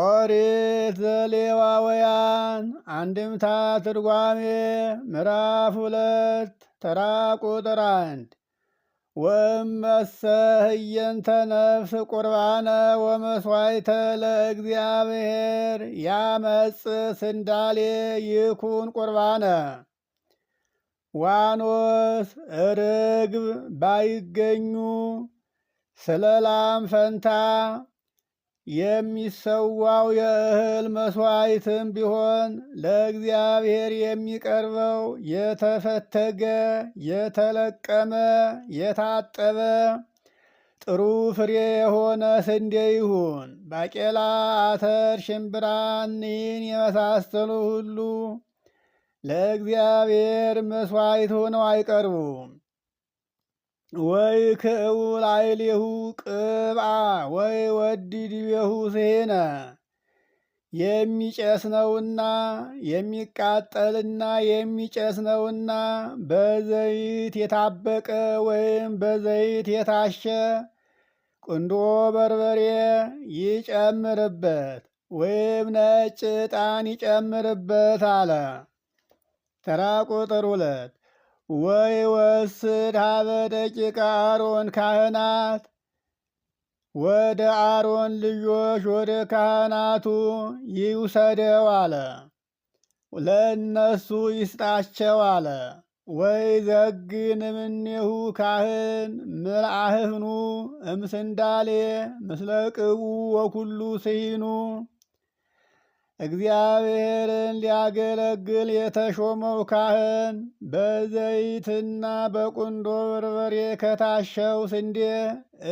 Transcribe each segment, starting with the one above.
ኦሪት ዘሌዋውያን አንድምታ ትርጓሜ ምዕራፍ ሁለት ተራ ቁጥር አንድ ወእመሰ ህየንተ ነፍስ ቁርባነ ወመስዋይተ ለእግዚአብሔር ያመጽ ስንዳሌ ይኩን ቁርባነ ዋኖስ ርግብ ባይገኙ ስለ ላም ፈንታ የሚሰዋው የእህል መስዋዕትም ቢሆን ለእግዚአብሔር የሚቀርበው የተፈተገ፣ የተለቀመ፣ የታጠበ ጥሩ ፍሬ የሆነ ስንዴ ይሁን። ባቄላ፣ አተር፣ ሽምብራን ይህን የመሳሰሉ ሁሉ ለእግዚአብሔር መስዋዕት ሆነው አይቀርቡም። ወይ ክእውል አይሌሁ ቅብዓ ወይ ወዲድቤሁ ሴነ የሚጨስ ነውና የሚቃጠልና የሚጨስ ነውና በዘይት የታበቀ ወይም በዘይት የታሸ ቁንዶ በርበሬ ይጨምርበት ወይም ነጭ ዕጣን ይጨምርበት አለ። ተራ ቁጥር ሁለት ወይ ወስድ ሀበ ደቂቀ አሮን ካህናት ወደ አሮን ልጆች ወደ ካህናቱ ይውሰደው አለ። ለእነሱ ይስጣቸው አለ። ወይ ዘግን እምኔሁ ካህን ምልአህኑ እምስንዳሌ ምስለ ቅቡ ወኩሉ ስሂኑ እግዚአብሔርን ሊያገለግል የተሾመው ካህን በዘይትና በቁንዶ በርበሬ ከታሸው ስንዴ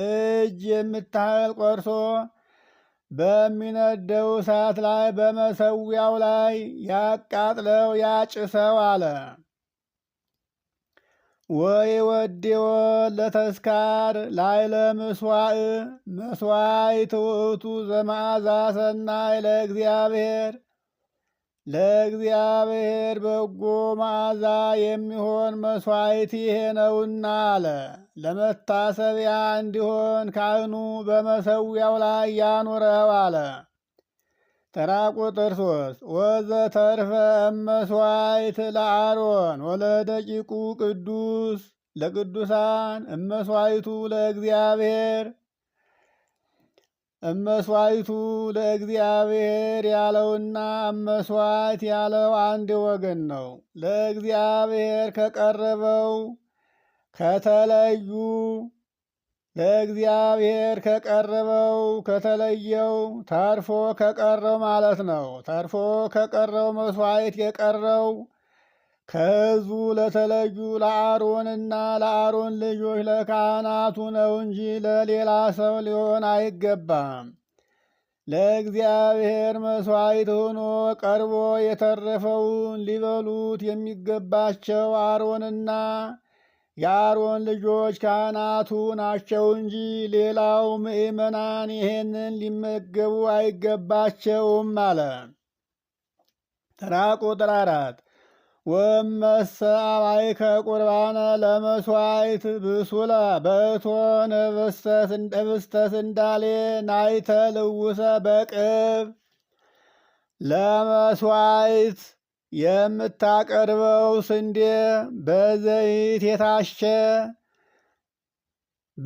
እጅ የምታህል ቆርሶ በሚነደው እሳት ላይ በመሰዊያው ላይ ያቃጥለው ያጭሰው አለ። ወይወዴዎ ለተስካር ላይለ ምስዋእ መስዋይት ትውእቱ ዘመዓዛ ሰናይ ለእግዚአብሔር ለእግዚአብሔር በጎ መዓዛ የሚሆን መስዋዕት ይሄ ነውና አለ። ለመታሰቢያ እንዲሆን ካህኑ በመሰዊያው ላይ ያኑረው አለ። ተራ ቁጥር ሶስት ተርፈ እመስዋይት ለአሮን ወለደቂቁ ቅዱስ ለቅዱሳን እመስዋይቱ ለእግዚአብሔር እመስዋይቱ ለእግዚአብሔር ያለውና እመስዋይት ያለው አንድ ወገን ነው። ለእግዚአብሔር ከቀረበው ከተለዩ ለእግዚአብሔር ከቀረበው ከተለየው ታርፎ ከቀረው ማለት ነው። ታርፎ ከቀረው መስዋዕት የቀረው ከሕዝቡ ለተለዩ ለአሮንና ለአሮን ልጆች ለካህናቱ ነው እንጂ ለሌላ ሰው ሊሆን አይገባም። ለእግዚአብሔር መስዋዕት ሆኖ ቀርቦ የተረፈውን ሊበሉት የሚገባቸው አሮንና የአሮን ልጆች ካህናቱ ናቸው እንጂ ሌላው ምእመናን ይሄንን ሊመገቡ አይገባቸውም አለ። ተራ ቁጥር አራት ወመሰ ወመሰአባይከ ቁርባነ ለመስዋዕት ብሱለ በእቶን እብስተ ስንዳሌ ናይተ ልውሰ በቅብ ለመስዋዕት የምታቀርበው ስንዴ በዘይት የታሸ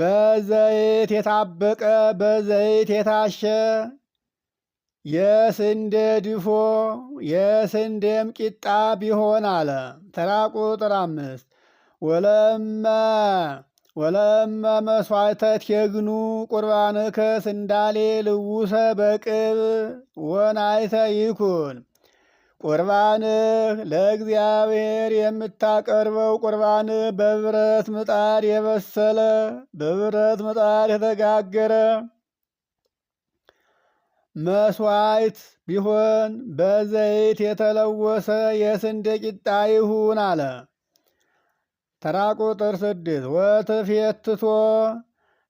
በዘይት የታበቀ በዘይት የታሸ የስንዴ ድፎ የስንዴም ቂጣ ቢሆን አለ። ተራ ቁጥር አምስት ወለመ ወለመ መስዋዕተት የግኑ ቁርባንከ ስንዳሌ ልውሰ በቅብ ወናይተ ይኩን ቁርባንህ ለእግዚአብሔር የምታቀርበው ቁርባን በብረት ምጣድ የበሰለ በብረት ምጣድ የተጋገረ መስዋዕት ቢሆን በዘይት የተለወሰ የስንዴ ቂጣ ይሁን አለ። ተራ ቁጥር ስድስት ወትፌትቶ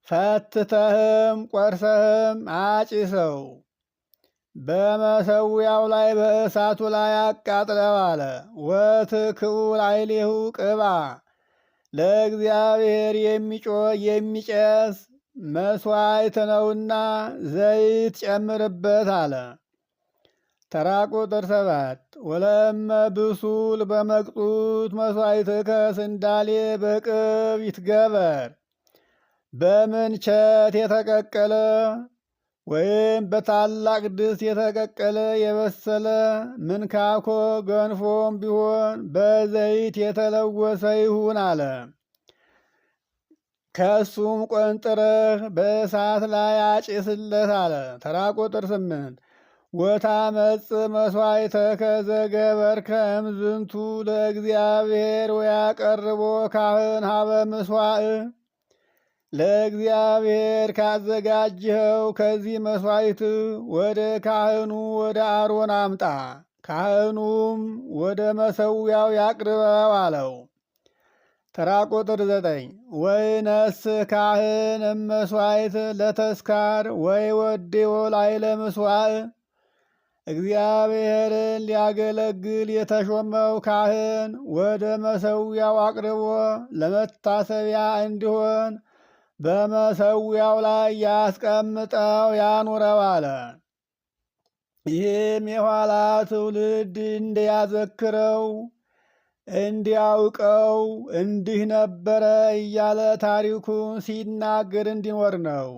ፈትተህም ቆርሰህም አጭሰው በመሰዊያው ላይ በእሳቱ ላይ አቃጥለው አለ። ወትክኡ ላዕሌሁ ቅባ ለእግዚአብሔር የሚጮ የሚጨስ መስዋዕት ነውና ዘይት ጨምርበት አለ። ተራ ቁጥር ሰባት ወለመ ብሱል በመቅጡት መስዋዕትከ ስንዳሌ በቅብ ይትገበር በምንቸት የተቀቀለ ወይም በታላቅ ድስት የተቀቀለ የበሰለ ምንካኮ ገንፎም ቢሆን በዘይት የተለወሰ ይሁን አለ። ከሱም ቆንጥረህ በእሳት ላይ አጭስለት አለ። ተራ ቁጥር ስምንት ወታመጽ መሥዋዕተከ ዘገበርከ እምዝንቱ ለእግዚአብሔር ወያቀርቦ ካህን ሀበ ምስዋእ ለእግዚአብሔር ካዘጋጀኸው ከዚህ መሥዋዕት ወደ ካህኑ ወደ አሮን አምጣ፣ ካህኑም ወደ መሠዊያው ያቅርበው አለው። ተራ ቁጥር ዘጠኝ ወይነስ ካህን እመሥዋዕት ለተስካር ወይ ወዴዎ ላይለ ምስዋዕ እግዚአብሔርን ሊያገለግል የተሾመው ካህን ወደ መሠዊያው አቅርቦ ለመታሰቢያ እንዲሆን በመሰዊያው ላይ ያስቀምጠው ያኑረው አለ። ይህም የኋላ ትውልድ እንዲያዘክረው እንዲያውቀው እንዲህ ነበረ እያለ ታሪኩን ሲናገር እንዲኖር ነው።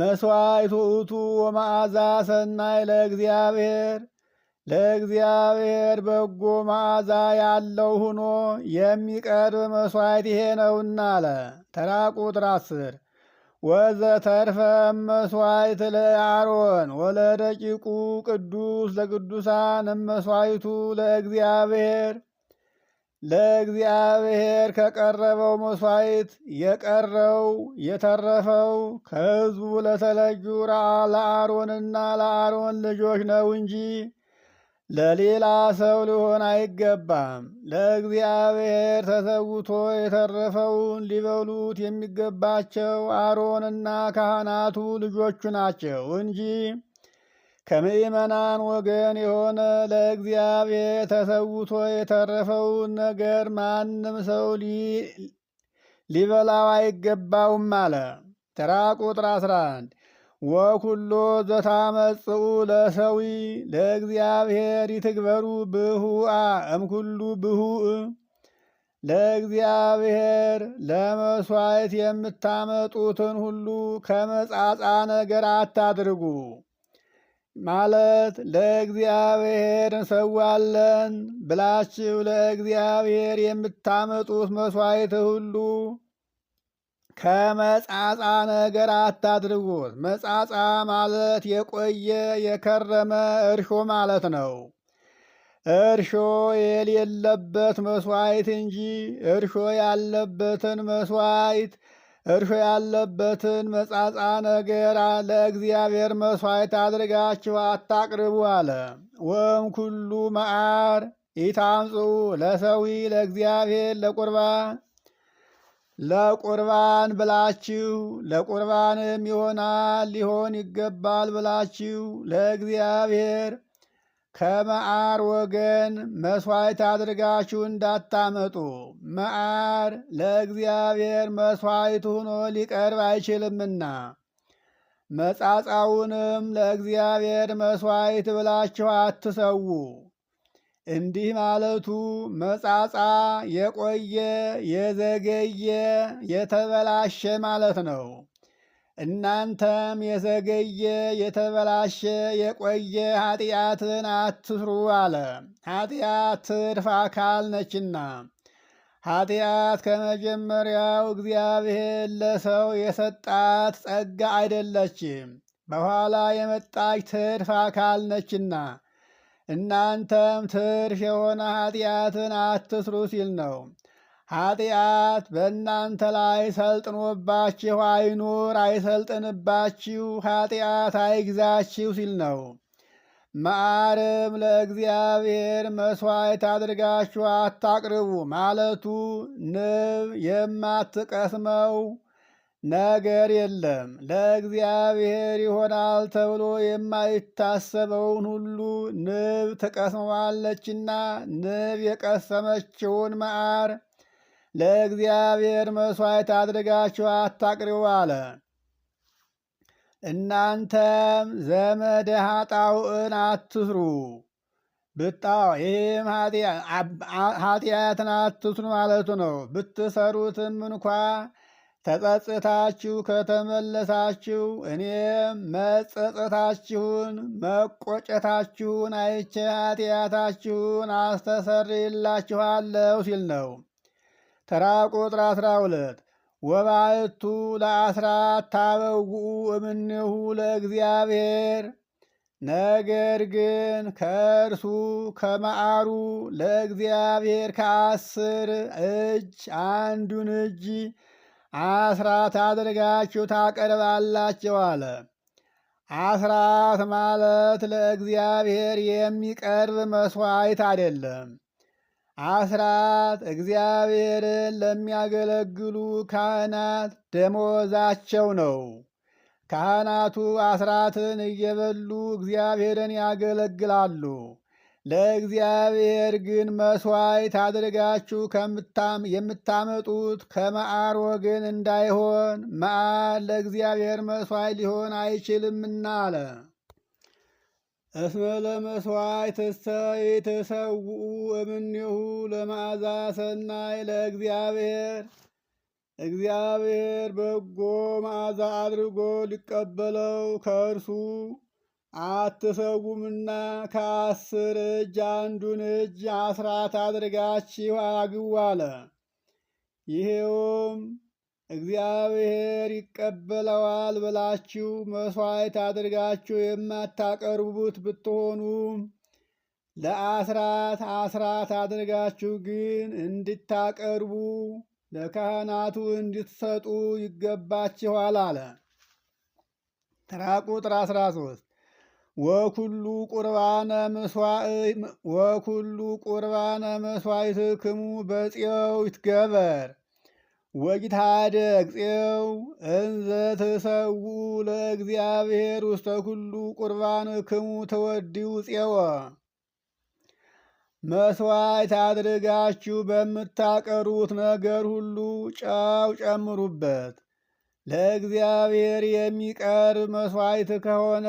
መሥዋዕት ውእቱ ወመዓዛ ሰናይ ለእግዚአብሔር ለእግዚአብሔር በጎ መዓዛ ያለው ሆኖ የሚቀርብ መሥዋዕት ይሄ ነውና አለ። ተራ ቁጥር አስር ወዘ ተርፈ መሥዋዕት ለአሮን ወለደቂቁ ቅዱስ ለቅዱሳን መሥዋዕቱ ለእግዚአብሔር ለእግዚአብሔር ከቀረበው መሥዋዕት የቀረው የተረፈው ከሕዝቡ ለተለዩ ለአሮንና ለአሮን ልጆች ነው እንጂ ለሌላ ሰው ሊሆን አይገባም። ለእግዚአብሔር ተሰውቶ የተረፈውን ሊበሉት የሚገባቸው አሮንና ካህናቱ ልጆቹ ናቸው እንጂ ከምእመናን ወገን የሆነ ለእግዚአብሔር ተሰውቶ የተረፈውን ነገር ማንም ሰው ሊበላው አይገባውም አለ። ተራ ቁጥር 11 ወኩሎ ዘታመጽኡ ለሰዊ ለእግዚአብሔር ይትግበሩ ብሁአ እምኩሉ ብሁእ ለእግዚአብሔር ለመሥዋዕት የምታመጡትን ሁሉ ከመጻጻ ነገር አታድርጉ። ማለት ለእግዚአብሔር እንሰዋለን ብላችሁ ለእግዚአብሔር የምታመጡት መሥዋዕት ሁሉ ከመጻጻ ነገር አታድርጉት። መጻጻ ማለት የቆየ የከረመ እርሾ ማለት ነው። እርሾ የሌለበት መስዋዕት እንጂ እርሾ ያለበትን መስዋዕት እርሾ ያለበትን መጻጻ ነገር ለእግዚአብሔር መስዋዕት አድርጋችሁ አታቅርቡ አለ። ወም ኩሉ መዓር ኢታምፁ ለሰዊ ለእግዚአብሔር ለቁርባን ለቁርባን ብላችሁ ለቁርባንም ይሆናል ሊሆን ይገባል ብላችሁ ለእግዚአብሔር ከመዓር ወገን መስዋዕት አድርጋችሁ እንዳታመጡ። መዓር ለእግዚአብሔር መስዋዕት ሆኖ ሊቀርብ አይችልምና መጻጻውንም ለእግዚአብሔር መስዋዕት ብላችሁ አትሰዉ። እንዲህ ማለቱ መጻጻ የቆየ የዘገየ የተበላሸ ማለት ነው። እናንተም የዘገየ የተበላሸ የቆየ ኃጢአትን አትስሩ አለ። ኃጢአት ትድፍ አካል ነችና ኃጢአት ከመጀመሪያው እግዚአብሔር ለሰው የሰጣት ጸጋ አይደለችም፣ በኋላ የመጣች ትድፍ አካል ነችና እናንተም ትርፍ የሆነ ኃጢአትን አትስሩ ሲል ነው። ኃጢአት በእናንተ ላይ ሰልጥኖባችሁ አይኑር፣ አይሰልጥንባችሁ፣ ኃጢአት አይግዛችሁ ሲል ነው። መዓርም ለእግዚአብሔር መሥዋዕት አድርጋችሁ አታቅርቡ ማለቱ ንብ የማትቀስመው ነገር የለም። ለእግዚአብሔር ይሆናል ተብሎ የማይታሰበውን ሁሉ ንብ ትቀስመዋለችና ንብ የቀሰመችውን መዓር ለእግዚአብሔር መሥዋዕት አድርጋችሁ አታቅርቡ አለ። እናንተም ዘመደ ኃጣውዕን አትስሩ ብጣው ይህም ኃጢአትን አትስኑ ማለቱ ነው። ብትሰሩትም እንኳ ተጸጽታችሁ ከተመለሳችሁ እኔም መጸጸታችሁን መቆጨታችሁን አይቼ ኃጢአታችሁን አስተሰርይላችኋለሁ ሲል ነው። ተራ ቁጥር አስራ ሁለት ወባዕቱ ለአስራት ታበውኡ እምኔሁ ለእግዚአብሔር ነገር ግን ከእርሱ ከመዓሩ ለእግዚአብሔር ከአስር እጅ አንዱን እጅ አስራት አድርጋችሁ ታቀርባላችሁ አለ። አስራት ማለት ለእግዚአብሔር የሚቀርብ መስዋዕት አይደለም። አስራት እግዚአብሔርን ለሚያገለግሉ ካህናት ደሞዛቸው ነው። ካህናቱ አስራትን እየበሉ እግዚአብሔርን ያገለግላሉ። ለእግዚአብሔር ግን መሥዋዕት አድርጋችሁ የምታመጡት ከመዓር ወገን እንዳይሆን መዓር ለእግዚአብሔር መሥዋዕት ሊሆን አይችልምና አለ። እስመ ለመሥዋዕት የተሰውኡ እምኔሁ ለመዓዛ ሰናይ ለእግዚአብሔር እግዚአብሔር በጎ መዓዛ አድርጎ ሊቀበለው ከእርሱ አትሰጉምና ከአስር እጅ አንዱን እጅ አስራት አድርጋችሁ አግቡ አለ። ይሄውም እግዚአብሔር ይቀበለዋል ብላችሁ መሥዋዕት አድርጋችሁ የማታቀርቡት ብትሆኑ ለአስራት አስራት አድርጋችሁ ግን እንድታቀርቡ ለካህናቱ እንድትሰጡ ይገባችኋል አለ። ተራ ቁጥር 13 ወኩሉ ቁርባነ ወኩሉ ቁርባነ ክሙ በጽዮው ይትገበር ወጊታደግ ፄው እንዘ ትሰዉ ለእግዚአብሔር ውስተ ኩሉ ክሙ ተወዲው ፄወ መስዋዕት አድርጋችሁ በምታቀሩት ነገር ሁሉ ጨው ጨምሩበት። ለእግዚአብሔር የሚቀርብ መስዋዕት ከሆነ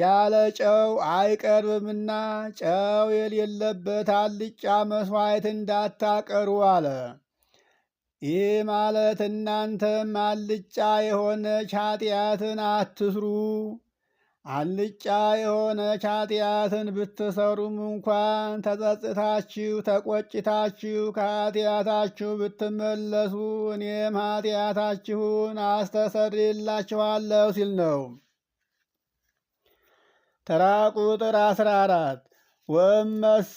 ያለ ጨው አይቀርብምና ጨው የሌለበት አልጫ መስዋዕት እንዳታቀሩ አለ። ይህ ማለት እናንተም አልጫ የሆነች ኃጢአትን አትስሩ። አልጫ የሆነች ኃጢአትን ብትሰሩም እንኳን ተጸጽታችሁ ተቆጭታችሁ ከኃጢአታችሁ ብትመለሱ እኔም ኃጢአታችሁን አስተሰርይላችኋለሁ ሲል ነው። ተራ ቁጥር አስራ ወመሰ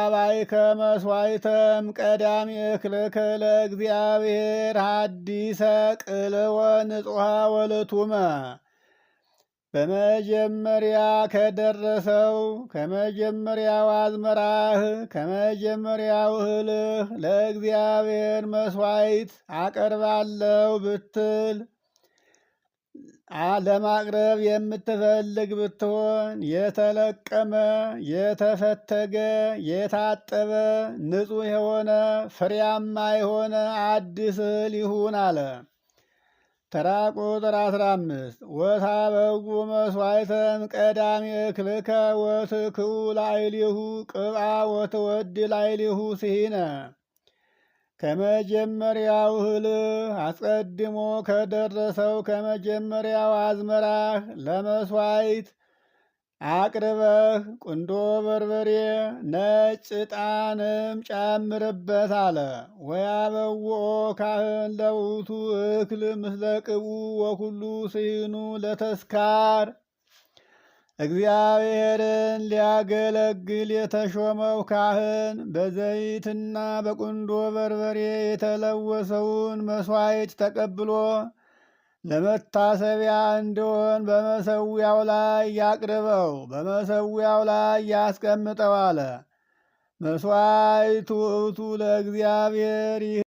አባይ ከመስዋይተም ቀዳሚ እክልከ ለእግዚአብሔር ሀዲሰ ቅልወ ንጹሐ ወልቱመ በመጀመሪያ ከደረሰው ከመጀመሪያው አዝመራህ ከመጀመሪያው እህልህ ለእግዚአብሔር መስዋይት አቀርባለው ብትል ለማቅረብ የምትፈልግ ብትሆን የተለቀመ የተፈተገ የታጠበ ንጹሕ የሆነ ፍሬያማ የሆነ አዲስ እህል ይሁን አለ። ተራ ቁጥር 15 ወታ በጉ መስዋይተም ቀዳሚ እክልከ ወትክኡ ላይሊሁ ቅብአ ወትወድ ላይሊሁ ሲሂነ ከመጀመሪያው እህል አስቀድሞ ከደረሰው ከመጀመሪያው አዝመራህ ለመስዋይት አቅርበህ ቁንዶ በርበሬ፣ ነጭ ጣንም ጨምርበት አለ። ወያበውኦ ካህን ለውቱ እክል ምስለ ቅቡ ወኩሉ ስሂኑ ለተስካር እግዚአብሔርን ሊያገለግል የተሾመው ካህን በዘይትና በቁንዶ በርበሬ የተለወሰውን መሥዋዕት ተቀብሎ ለመታሰቢያ እንዲሆን በመሰዊያው ላይ ያቅርበው፣ በመሰዊያው ላይ ያስቀምጠው አለ። መሥዋዕቱ እቱ ለእግዚአብሔር